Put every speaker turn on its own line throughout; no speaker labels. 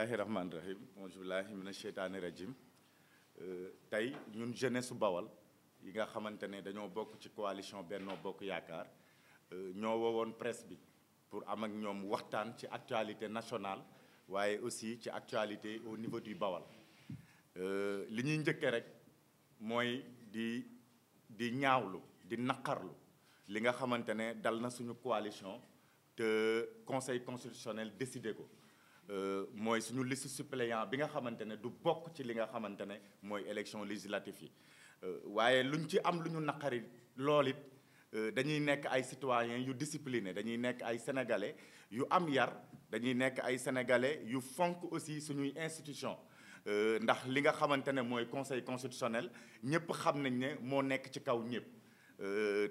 bismillahi rahmaani rahim aousubillahi mina sheytaani rajim euh, tey ñun jeunesse su bawal yi nga xamante ne dañoo bokk ci coalition Benno Bokk Yaakaar euh, ñoo woowoon presse bi pour am ak ñoom waxtaan ci actualité nationale waaye aussi ci actualité au niveau du bawal euh, li ñuy njëkkee rek mooy di di ñaawlu di naqarlu li nga xamante ne dal na suñu coalition te conseil constitutionnel décidé ko Euh, mooy suñu liste suppléant bi nga xamante ne du bokk ci li nga xamante ne mooy élection législative yi euh, waaye lu luñ ci am lu ñu naqari lool it euh, dañuy nekk ay citoyens yu discipliné dañuy nekk ay sénégalais yu am yar dañuy nekk ay sénégalais yu fonk aussi suñuy institution ndax li nga xamante ne mooy conseil constitutionnel ñëpp xam nañ ne moo nekk ci kaw ñëpp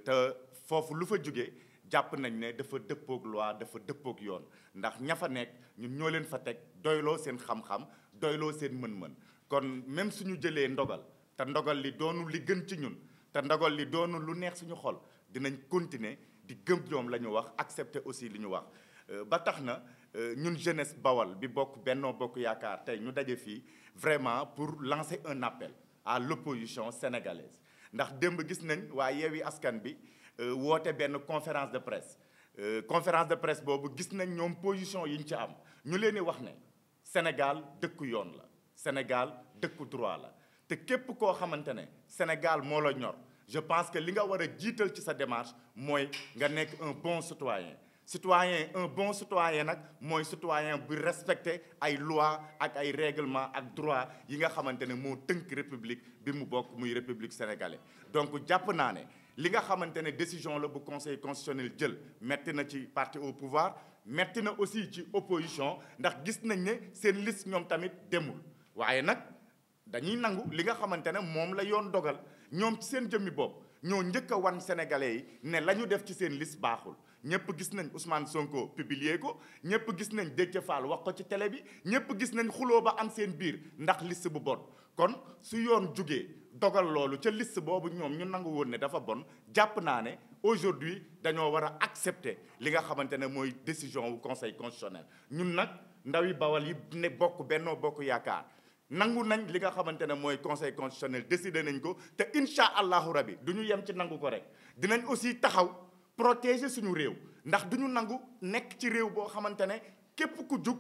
te foofu lu fa jóge jàpp nañ ne dafa dëppoog loi dafa dëppook yoon ndax ña fa nekk ñun ñoo leen fa teg doyloo seen xam-xam doyloo seen mën-mën kon même suñu jëlee ndogal te ndogal li doonu li gën ci ñun te ndogal li doonu lu neex suñu xol dinañ continuer di gëm ñoom la ñu wax accepter aussi li ñu wax euh, ba tax na euh, ñun jeunesse bawal bi bokk Benno Bokk Yaakaar tey ñu daje fii vraiment pour lancer un appel à l'opposition sénégalaise ndax démb gis nañ waa Yewwi Askan bi Euh, woote benn conférence de presse euh, conférence de presse boobu gis nañ ñoom position yi ñu ci am ñu leen di wax na Sénégal dëkku yoon la Sénégal dëkku droit la te képp koo xamante ne Sénégal moo la ñor je pense que li nga war a jiital ci sa démarche mooy nga nekk un bon citoyen citoyen un bon citoyen nag mooy citoyen bu respecté ay loi ak ay règlement ak droit yi nga xamante ne moo tënk république bi mu bokk muy république sénégalaise donc jàpp naa ne li nga xamante ne décision la bu conseil constitutionnel jël metti na ci parti au pouvoir metti na aussi ci opposition ndax gis nañ ne seen liste ñoom tamit demul waaye nag dañuy nangu li nga xamante ne moom la yoon dogal ñoom ci seen jëmmi bopp ñoo njëkk a wan sénégalais yi ne la ñu def ci seen liste baaxul ñëpp gis nañ Ousmane Sonko publier ko ñëpp gis nañ Déthié Fall wax ko ci télé bi ñëpp gis nañ xuloo ba am seen biir ndax liste bu bon kon su yoon jugee dogal loolu ca list boobu ñoom ñu nangu woon ne dafa bon jàpp naa ne aujourd'hui dañoo war a accepter li nga xamante ne mooy décision wu conseil constitutionnel ñun nag ndawi bawal yi ne bokk bennoo bokk yaakaar nangu nañ li nga xamante ne mooy conseil constitutionnel décidé nañ ko te incha allahu rabi du ñu yem ci nangu ko rek dinañ aussi taxaw protéger suñu réew ndax du ñu nangu nekk ci réew boo xamante ne képp ku jug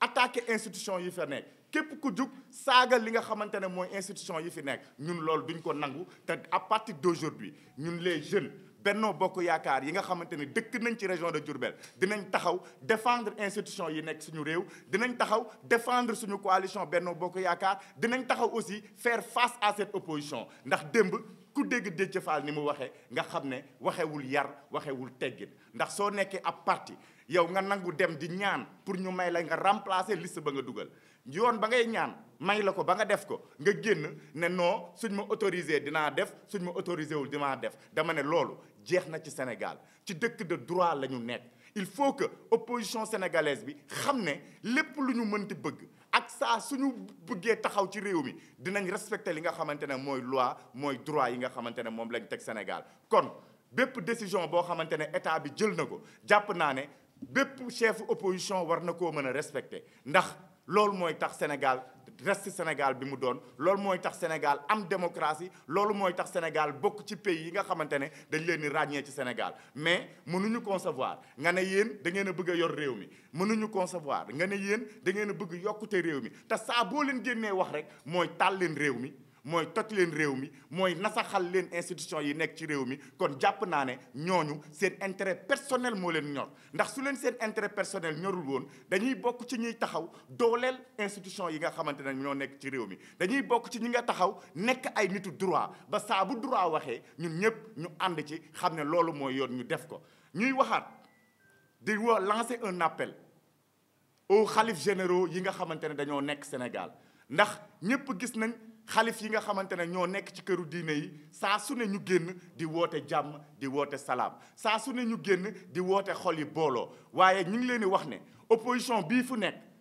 attaquer institution yi fa nekk képp ku jug saaga li nga xamante ne mooy institution yi fi nekk ñun loolu duñ ko nangu te à partir d'aujourd'hui ñun les jeunes Benno Bokk Yaakaar yi nga xamante ne dëkk nañ ci région de Diourbel dinañ taxaw défendre institution yi nekk suñu réew dinañ taxaw défendre suñu coalition Benno Bokk Yaakaar dinañ taxaw aussi faire face à cette opposition ndax démb ku dégg Déthié Fall ni mu waxee nga xam ne waxewul yar waxewul teggin ndax soo nekkee ab parti yow nga nangu dem di ñaan pour ñu may la nga remplacer liste ba nga dugal yoon ba ngay ñaan may la ko ba nga def ko nga génn ne non suñ ma autorisé dinaa def suñ ma autorisé wul dinaa def dama ne loolu jeex na ci Sénégal ci dëkk de droit la ñu nekk il faut que opposition sénégalaise bi xam ne lépp lu ñu mënti bëgg ak saa suñu bëggee taxaw ci réew mi dinañ respecté li nga xamante ne mooy loi mooy droit yi nga xamante ne moom lañ teg Sénégal kon bépp décision boo xamante ne état bi jël na ko jàpp naa ne bépp chef opposition war na koo mën a respecté ndax loolu mooy tax Sénégal reste Sénégal bi mu doon loolu mooy tax Sénégal am démocratie loolu mooy tax Sénégal bokk ci pays yi nga xamante ne dañ leen di ràññee ci Sénégal mais mënuñu concevoir nga ne yéen da ngeen a bëgg a yor réew mi mënuñu concevoir nga ne yéen da ngeen a bëgg yokkute réew mi te saa boo leen génnee wax rek mooy taal leen réew mi mooy toj leen réew mi mooy nasaxal leen institution yi nekk ci réew mi kon jàpp naa ne ñooñu seen intérêt personnel moo leen ñor ndax su leen seen intérêt personnel ñorul woon dañuy bokk ci ñuy taxaw dooleel institution yi nga xamante ne ñoo nekk ci réew dañuy bokk ci ñi nga taxaw nekk ay nitu droit ba saa bu droit waxee ñun ñëpp ñu ànd ci xam ne loolu mooy yoon ñu def ko ñuy waxaat di wa un appel aux xalif généraux yi nga xamante ne dañoo nekk Sénégal ndax ñëpp gis nañ xalif yi nga xamante ne ñoo nekk ci këru diine yi saa su ne ñu génn di woote jàmm di woote salaam saa su ne ñu génn di woote xol yi booloo waaye ñu ngi leen di wax ne opposition bii fu nekk.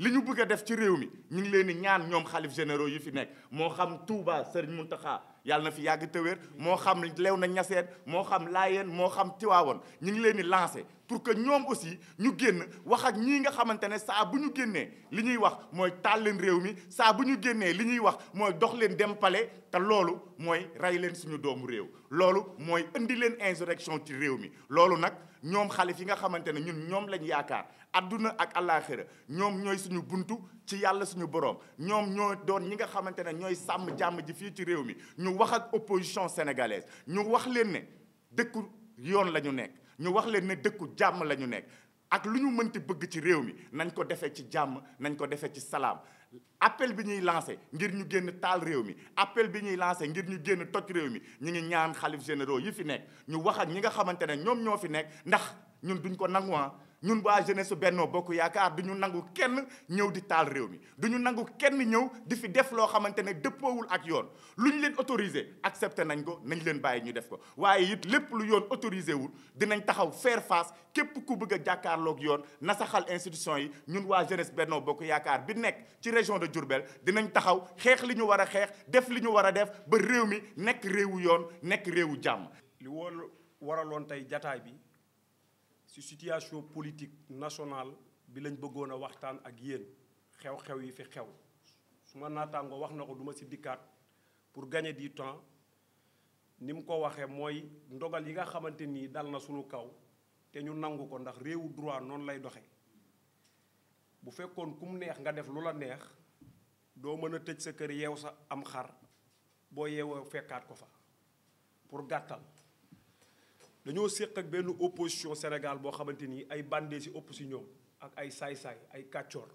li ñu bëgg a def ci réew mi ñu ngi leen di ñaan ñoom xalif généraux yi fi nekk moo xam Touba Serigne Mountakha yàlla na fi yàgg te moo xam lew na ñaseen moo xam laayeen moo xam tiwaawoon ñu ngi leen di lancé pour que ñoom aussi ñu génn wax ak ñii nga xamante ne saa bu ñu génnee li ñuy wax mooy taal leen réew mi saa bu ñu génnee li ñuy wax mooy dox leen dempale te loolu mooy rey leen suñu doomu réew loolu mooy indi leen insurection ci réew mi loolu nag ñoom xalif yi nga xamante ne ñun ñoom lañu yaakaar adduna ak àllaaxira ñoom ñooy suñu buntu ci yàlla suñu borom ñoom ñoo doon ñi nga xamante ne ñooy sàmm jàmm ji fii ci réew mi ñu wax ak opposition sénégalaise ñu wax leen ne dëkku yoon la ñu nekk ñu wax leen ne dëkku jàmm la ñu nekk ak lu ñu mënti bëgg ci réew mi nañ ko defee ci jàmm nañ ko defee ci salaam appel bi ñuy lancé ngir ñu génn taal réew mi appel bi ñuy lancé ngir ñu génn toj réew mi ñu ngi ñaan xalif généraux yi fi nekk ñu wax ak ñi nga xamante ne ñoom ñoo fi nekk ndax ñun duñ ko nanguwaan ah. ñun waa jeunesse Benno Bokk Yaakaar du ñu nangu kenn ñëw di taal réew mi du ñu nangu kenn ñëw di fi def loo xamante ne dëppoowul ak yoon lu ñu leen autorisé accepté nañ ko nañ leen bàyyi ñu def ko waaye it lépp lu yoon autorisé wul dinañ taxaw faire face képp ku bëgg a jàkkaarloog yoon nasaxal institution yi ñun waa jeunesse Benno Bokk Yaakaar bi nekk ci région de Diourbel dinañ taxaw xeex li ñu war a xeex def li ñu war a def ba réew mi nekk réewu yoon nekk réewu jàmm. li
woon waraloon tey jataay bi. ci situation politique nationale bi lañ bëggoon a waxtaan ak yéen xew-xew yi fi xew su ma wax na ko duma si dikkaat pour gagner di temps ni mu ko waxee mooy ndogal yi nga xamante nii dal na suñu kaw te ñu nangu ko ndax réewu droit noonu lay doxe bu fekkoon kum neex nga def lu la neex doo mën a tëj sa kër yeew sa am xar boo yeewoo fekkaat ko fa pour gàttal dañoo séq ak benn opposition Sénégal boo xamante ni ay bandé si si opposition ak ay saay-saay ay kàccoor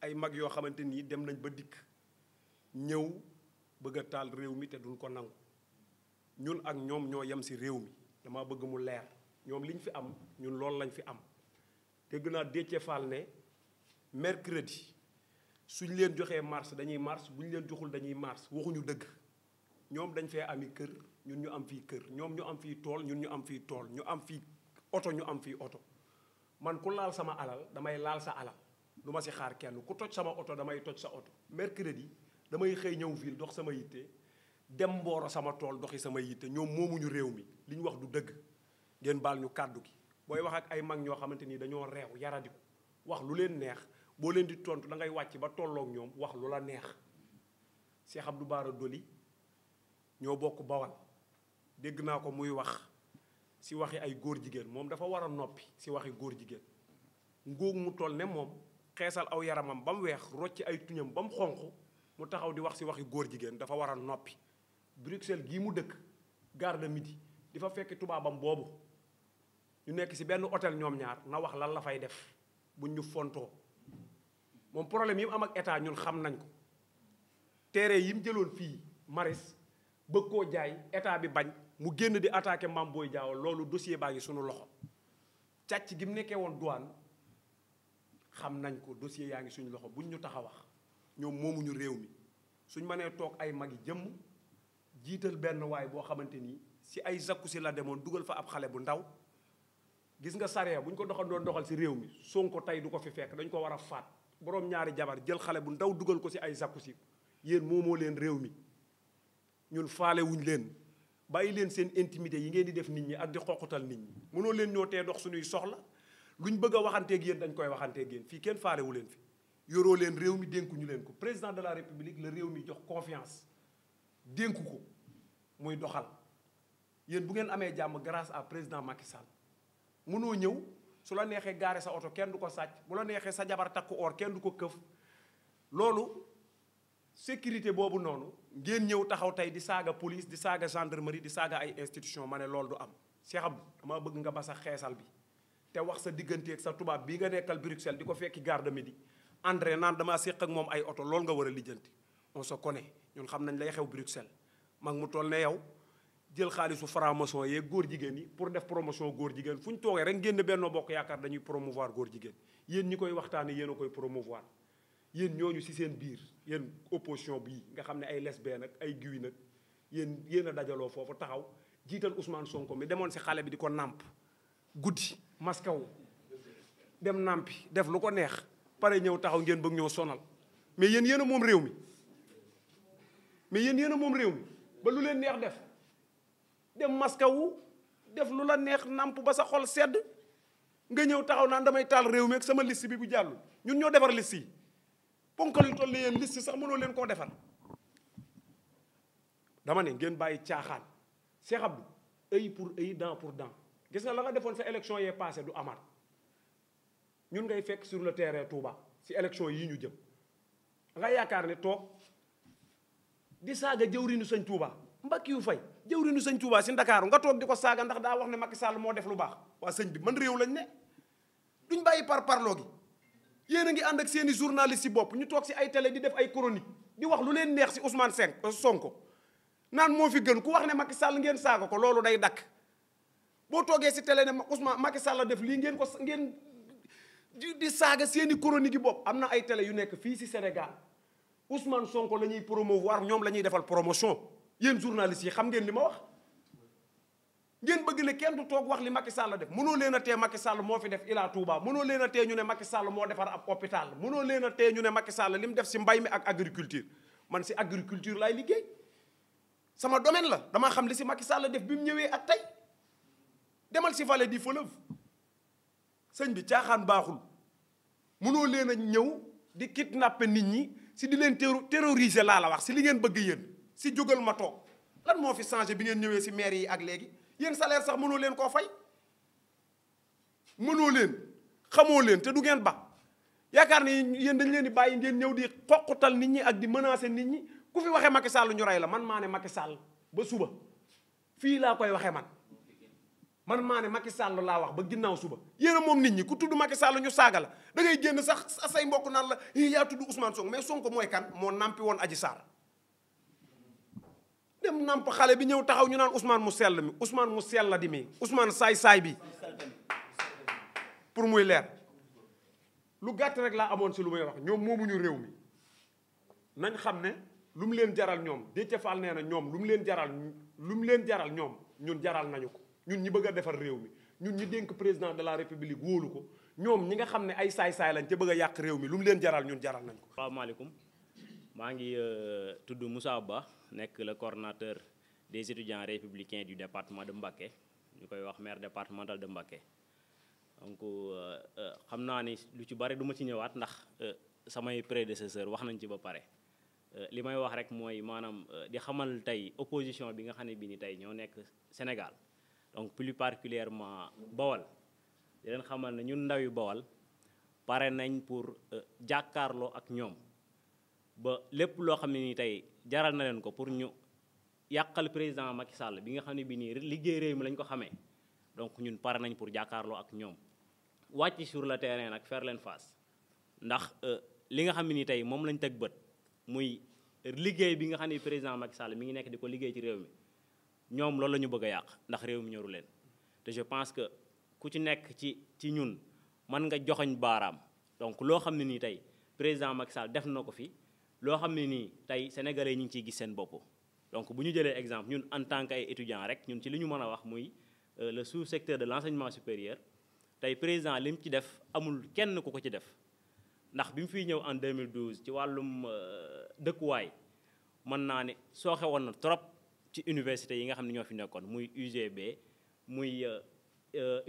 ay mag yoo xamante ni dem nañ ba dikk ñëw bëgg a taal réew mi te duñ ko nangu ñun ak ñoom ñoo yem si réew mi dama bëgg mu leer ñoom liñ fi am ñun loolu lañ fi am dégg naa Déthié Fall ne mercredi suñ leen joxee mars dañuy mars ñu leen joxul dañuy mars waxuñu dëgg ñoom dañ fee ami kër ñun ñu am fii kër ñoom ñu am fii tool ñun ñu am fii tool ñu am fii oto ñu am fii oto man ku laal sama alal damay laal sa alal lu ma si xaar kenn ku toj sama oto damay toj sa oto mercredi damay xëy ñëw ville dox sama yitte dem mbooro sama tool doxi sama yitte ñoom moomuñu réew mi li ñu wax du dëgg ngeen baal ñu kàddu gi booy wax ak ay mag ñoo xamante ni dañoo reew yaradiku wax lu leen neex boo leen di tontu da ngay wàcc ba tolloog ñoom wax lu la neex Cheikh Abdou Bara Doli ñoo bokk Bawal dégg naa ko muy wax si waxi ay góor jigéen moom dafa war a noppi si waxi góor jigéen ngóog mu toll ne moom xeesal aw yaramam ba mu weex rocc ay tuñam ba mu xonq mu taxaw di wax si waxi góor jigéen dafa war a noppi Bruxelles gii mu dëkk gare de midi di fa fekk tubaabam boobu ñu nekk si benn hôtel ñoom ñaar na wax lan la fay def buñ ñu fontoo moom problème yi mu am ak état ñun xam nañ ko téere yi mu jëloon fii maris bëgg koo jaay état bi bañ mu génn di attaqué Mame Boye Diao loolu dossier baa ngi suñu loxo càcc gi mu nekkee woon douane xam nañ ko dossier yaa ngi suñu loxo buñ ñu tax a wax ñoom moomuñu réew mi suñ mënee toog ay mag yi jëmm jiital benn waay boo xamante ni si ay zakku si la demoon dugal fa ab xale bu ndaw gis nga sariya bu ñu ko doxal doon doxal si réew mi Sonko tey du ko fi fekk dañ ko war a faat boroom ñaari jabar jël xale bu ndaw dugal ko si ay zakku si yéen moomoo leen réew mi ñun faale leen. bàyyi leen seen intimité yi ngeen di def nit ñi ak di xoqutal nit ñi mënoo leen ñoo tee dox suñuy soxla luñ bëgg a waxanteeg yéen dañ koy waxanteeg yéen fii kenn faarewu leen fi yoroo leen réew mi dénkuñu leen ko président de la république la réew mi jox confiance dénku ko muy doxal yéen bu ngeen amee jàmm grâce à président Macky Sall mënoo ñëw su la neexee gaare sa oto kenn du ko sàcc bu la neexee sa jabar takk or kenn du ko këf loolu sécurité boobu noonu ngeen ñëw taxaw tey di saaga police di saaga gendarmerie di saaga ay institution ma ne loolu du am Cheikh Abdou dama bëgg nga ba sa xeesal bi te wax sa digganteeg sa tubaab bii nga nekkal Bruxelles di ko fekki gare de Midi André naan damaa séq ak moom ay oto lool nga war a lijjanti on sa connaît ñun xam nañ lay xew Bruxelles mag mu toll ne yow jël xaalisu franc-maçon yeeg góor jigéen yi pour def promotion góor jigéen fu ñu toogee rek ngeen ne Benno Bokk Yaakaar dañuy góor jigéen yéen ñi koy waxtaanee yéen a koy promouvoir yéen ñooñu ci seen biir yéen opposition bii nga xam ne ay lesbiennes nag ay guy nag yéen yéen a dajaloo foofu taxaw jiital Ousmane Sonko mi demoon si xale bi di ko namp guddi maskaw dem nàmpi def lu ko neex pare ñëw taxaw ngeen bëgg ñoo sonal mais yéen yéen moom réew mi mais yéen yéen a moom réew mi ba leen neex def dem maskawu def lu la neex nàmp ba sa xol sedd nga ñëw taxaw naan damay taal réew mi ak sama liste bi bu jàll ñun ñoo defar liste yi ponkal yu toll nii yéen liste sax mënoo leen koo defal dama ne ngeen bàyyi caaxaan Cheikh Abdou œil pour œil dent pour dent gis nga la nga defoon sa élection yee passé du amaat ñun ngay fekk sur le terrain Touba si élection yi ñu jëm nga yaakaar ne toog di saaga jëwriñu sëñ Touba mbakki yu fay jëwriñu sëñ Touba si Ndakaaru nga toog di ko saaga ndax daa wax ne Macky Sall moo def lu baax waa sañ bi man réew lañ ne duñ bàyyi par parloo gi yéen a ngi ànd ak seeni i journaliste yi bopp ñu toog si ay télé di def ay chronique di wax lu leen neex si Ousmane Senk euh, Sonko naan moo fi gën ku wax ne Macky Sall ngeen saaga ko loolu day dakk boo toogee si télé ne Ousmane Macky Sall def lii ngeen ko ngeen di saaga seen i chronique yi bopp am na ay télé yu nekk fii si Sénégal Ousmane Sonko la ñuy promouvoir ñoom la ñuy defal promotion yéen journaliste yi xam ngeen li ma wax ngeen bëgg ne kenn du toog wax li Macky Sall def mënoo leen a tee Macky Sall moo fi def Ila Touba mënoo leen a tee ñu ne Macky Sall moo defar ab hôpital mënoo leen a ñu ne Macky Sall li def si mbay mi ak agriculture man si agriculture laay liggéey sama domaine la dama xam li si Macky Sall def bi mu ñëwee ak tey demal si Vallée du Fleuve sëñ bi caaxaan baaxul mënoo leen a ñëw di kidnapper nit ñi si di leen terroriser laa la wax si li ngeen bëgg yéen si jógal ma toog lan moo fi changé bi ngeen ñëwee si maire yi ak léegi yéen salaire sax mënoo leen koo fay mënoo leen xamoo leen te du ngeen ba yaakaar ne yéen dañ leen di bàyyi ngeen ñëw di xoqutal nit ñi ak di menacer nit ñi ku fi waxee Macky Sall ñu rey la man maa ne Macky Sall ba suba fii laa koy waxee man man maa ne Macky Sall laa wax ba ginnaaw suba yéen moom nit ñi ku tudd Macky Sall ñu saaga la da ngay génn sax say mbokk naan la yaa tudd Ousmane Sonko mais Sonko mooy kan moo nampi woon Adji Sarr dem nàmp xale bi ñëw taxaw ñu naan usmaan mu sell mi Ousmane mu sell la di mi Ousmane saay-saay bi pour muy leer lu gàtt rek laa amoon si lu may wax ñoom moomuñu réew mi nañ xam ne lu mu leen jaral ñoom Déthié Fall nee na ñoom lu mu leen jaral lu mu leen jaral ñoom ñun jaral nañu ko ñun ñi bëgg a defar réew mi ñun ñi dénk président de la république wóolu ko ñoom ñi nga xam ne ay saay-saay lañ ca bëgg a yàq réew mi lu mu leen jaral ñun jaral nañ ko.
asalaamaaleykum. maa ngi euh, tudd Moussa Ba nekk le coordonnateur des étudiants républicains du département de Mbacké ñu koy wax maire départemental de Mbacké donc euh, euh, xam naa ni lu ci bari du ma ci ñëwaat ndax samay prédécesseur wax nañ ci ba pare li may wax rek mooy maanaam di xamal tey opposition bi nga xam ne bii ni tey ñoo nekk Sénégal donc plus particulièrement Bawal di leen xamal na ñun ndaw yu Bawal pare nañ pour jàkkaarloo ak ñoom ba lépp loo xam ne nii tey jaral na leen ko pour ñu yàqal président Macky Sall bi nga xam ne bi nii liggéey réew mi lañ ko xamee donc ñun pare nañ pour jàkkaarloo ak ñoom wàcc sur le terrain nag faire leen face ndax euh, li nga xam ne nii tey moom lañ teg bët muy liggéey bi nga xam ne président Macky Sall mi ngi nekk di ko liggéey ci réew mi ñoom loolu la ñu bëgg a yàq ndax réew mi ñoru leen te je pense que ku ci nekk ci ci ñun mën nga joxoñ baaraam donc loo xam ne nii tey président Macky Sall def na ko fi loo xam ne nii tey sénégalais ñu ngi ciy gis seen bopp. donc bu ñu jëlee exemple ñun en tant que ay étudiants rek ñun ci li ñu mën a wax muy euh, le sous-secteur de l'enseignement supérieur tey président li mu ci def amul kenn ku ko ci def ndax bi mu fiy ñëw en 2012 ci wàllum euh, dëkkuwaay mën naa ni sooxe woon na trop ci université yi nga xam ne ñoo fi nekkoon muy UGB muy euh,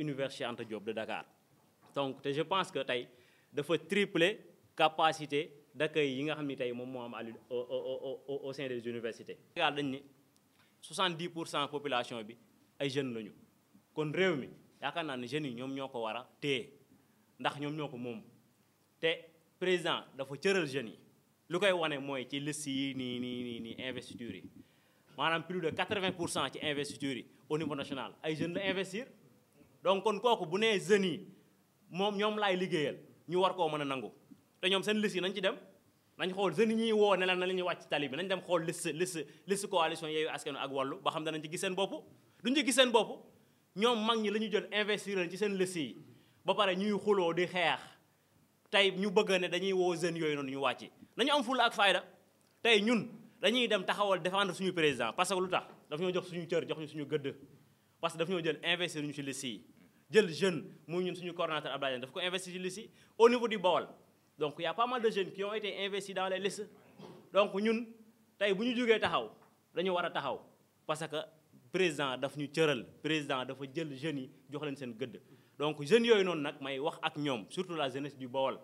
Université Anta Diop de Dakar donc te je pense que tey dafa tripler capacité d'accueil yi nga xam ni tey moom moo am à au sein des universités. Sénégal dañ pour cent population bi ay jeunes lañu kon réew mi yaakaar naa ne jeunes yi ñoom ñoo ko war a téye ndax ñoom ñoo ko moom te président dafa cëral jeunes yi lu koy wane mooy ci liste yi nii nii nii nii yi maanaam plus de vingt pour cent ci investiture yi au niveau national ay jeunes la investir donc kon kooku bu nee jeunes yi moom ñoom laay liggéeyal ñu war koo mën a nangu. te ñoom seen liste yi nañ ci dem nañ xool jeunes yi ñuy woo ne la na la ñuy wàcc tali bi nañ dem xool liste liste liste coalition Yewwi Askan Wi ak wàllu ba xam danañ ci gis seen bopp duñ ci gis seen bopp ñoom mag ñi la ñu jël investir ci seen liste yi ba pare ñuy xuloo di xeex tey ñu bëgg ne dañuy woo jeunes yooyu noonu ñu wàcc nañu am fulla ak fayda tey ñun dañuy dem taxawal défendre suñu président parce que lu tax daf ñoo jox suñu cër jox ñu suñu gëdd parce que daf ñoo jël investir ñu ci liste yi jël jeune muy ñun suñu coordonnateur Abdoulaye daf ko investir ci liste au niveau du Bawol donc y' a de jeunes qui ont été investis dans les donc ñun tey bu ñu jógee taxaw dañu war a taxaw parce que président daf ñu cëral président dafa jël jeunes yi jox leen seen gëdd. donc jeunes yooyu noonu nag may wax ak ñoom surtout la jeunesse du Bawol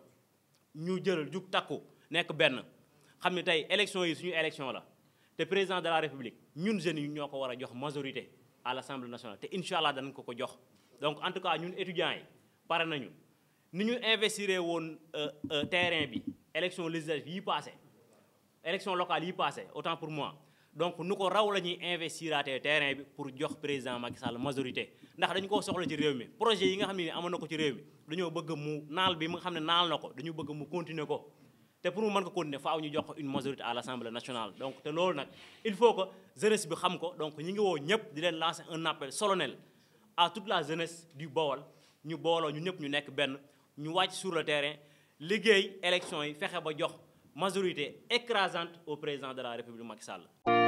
ñu jëral jug takku nekk benn xam ne tey élection yi suñu élection la te président de la république ñun jeunes yi ñoo ko war a jox majorité à l' assemblée nationale te incha allah danañ ko ko jox donc en tout cas ñun étudiants yi pare nañu. ni ñu investiré woon euh, euh, terrain bi élection législative yi passé élection locale yi passé autant pour moi donc nu ko raw la ñuy investiraatee terrain bi pour jox président Macky Sall majorité ndax dañu ko soxla ci réew mi projet yi nga xam ne amoon na ko ci réew mi dañoo bëgg mu naal bi nga xam ne naal na ko dañu bëgg mu continuer ko te pour mu mën ko continuer faaw ñu jox ko une majorité à l' assemblée nationale donc te loolu nag il faut que jeunesse bi xam ko donc ñi ngi ñëpp di leen lancer un appel solennel à toute la jeunesse du Bawol ñu booloo ñu ñëpp ñu nekk benn ñu wàcc sur le terrain liggéey élection yi fexe ba jox majorité écrasante au président de la république Macky Sall.